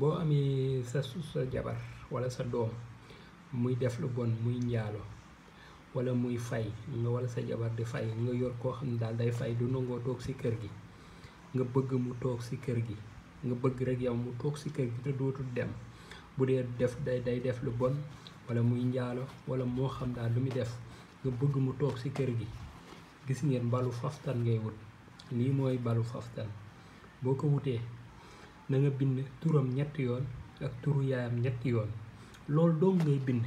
boo amee sa sa jabar wala sa doom muy def lu bon muy njaalo wala muy fay nga wala sa jabar di fay nga yor koo xam ne daal day fay du nangoo toog ci kër gi nga bëgg mu toog ci kër gi nga bëgg rek yow mu toog ci kër gi te dootul dem bu dee def day day def lu bon wala muy njaalo wala moo xam daal lu muy def nga bëgg mu toog ci kër gi gis ngeen balu faftan ngay wut lii mooy balu faftan boo ko wutee na bind turam ñetti yoon ak turu yaayam ñetti yoon loolu dong ngay bind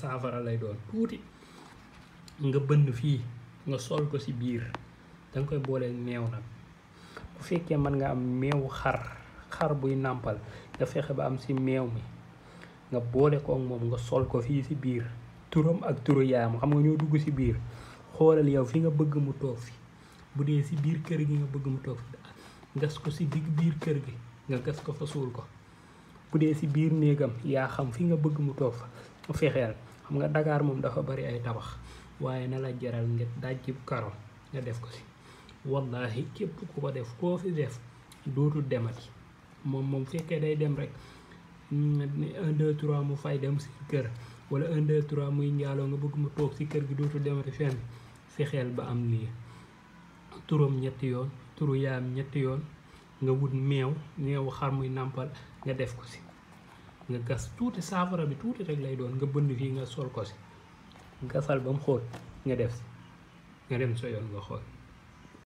saafara lay doon tuuti nga bënn fii nga sol ko ci biir danga koy boolee meew nag bu fekkee mën nga am meewu xar buy nàmpal nga fexe ba am ci meew mi nga boole ko moom nga sol ko fii ci biir turam ak turu yaayam xam nga ñoo dugg ci biir xoolal yow fi nga bëgg mu toog fi bu dee ci biir kër gi nga bëgg mu toog fi gas ko ci digg biir kër gi nga gas ko fa suul ko bu dee si biir néegam yaa xam fi nga bëgg mu toog fa fexeel xam nga dakaar moom dafa bari ay tabax waaye na la jaral nga dajji karo nga def ko si wallahi képp ku ko def koo fi def dootul demati moom moom fekkee day dem rek mm, un deux trois mu fay dem si kër wala un deux muy njaaloo nga bëgg mu toog ci kër gi dootul demati fenn fexeel ba am nii turam ñetti yoon turu ñetti yoon nga wut meew li xar muy nàmpal nga def ko si nga gas tuuti saafara bi tuuti rek lay doon nga bënd fii nga sol ko si gasal ba mu xóot nga def si nga dem sa yoon nga xool